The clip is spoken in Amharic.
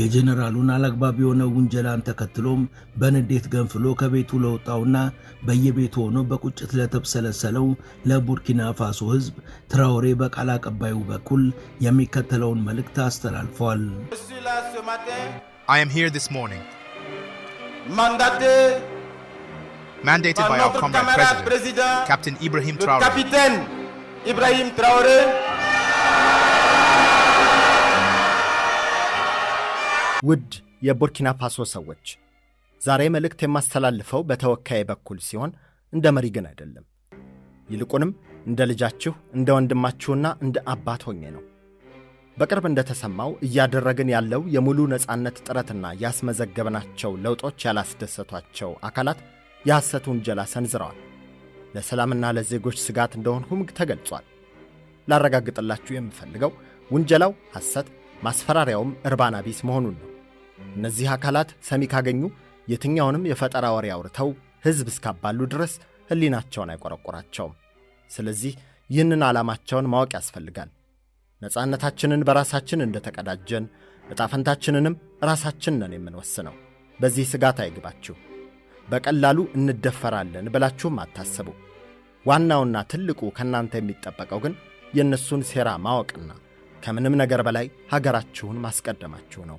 የጀነራሉን አላግባብ የሆነ ውንጀላን ተከትሎም በንዴት ገንፍሎ ከቤቱ ለውጣውና በየቤቱ ሆኖ በቁጭት ለተብሰለሰለው ለቡርኪና ፋሶ ህዝብ ትራውሬ በቃል አቀባዩ በኩል የሚከተለውን መልእክት አስተላልፏል። ኢብራሂም ትራውሬ ውድ የቡርኪና ፋሶ ሰዎች ዛሬ መልእክት የማስተላልፈው በተወካይ በኩል ሲሆን እንደ መሪ ግን አይደለም። ይልቁንም እንደ ልጃችሁ፣ እንደ ወንድማችሁና እንደ አባት ሆኜ ነው። በቅርብ እንደተሰማው እያደረግን ያለው የሙሉ ነፃነት ጥረትና ያስመዘገብናቸው ለውጦች ያላስደሰቷቸው አካላት የሐሰት ውንጀላ ሰንዝረዋል። ለሰላምና ለዜጎች ስጋት እንደሆንሁም ተገልጿል። ላረጋግጥላችሁ የምፈልገው ውንጀላው ሐሰት፣ ማስፈራሪያውም እርባና ቢስ መሆኑን ነው። እነዚህ አካላት ሰሚ ካገኙ የትኛውንም የፈጠራ ወሬ አውርተው ሕዝብ እስካባሉ ድረስ ሕሊናቸውን አይቆረቆራቸውም። ስለዚህ ይህንን ዓላማቸውን ማወቅ ያስፈልጋል። ነፃነታችንን በራሳችን እንደተቀዳጀን እጣፈንታችንንም ራሳችን ነን የምንወስነው። በዚህ ስጋት አይግባችሁ። በቀላሉ እንደፈራለን ብላችሁም አታስቡ። ዋናውና ትልቁ ከእናንተ የሚጠበቀው ግን የእነሱን ሴራ ማወቅና ከምንም ነገር በላይ ሀገራችሁን ማስቀደማችሁ ነው።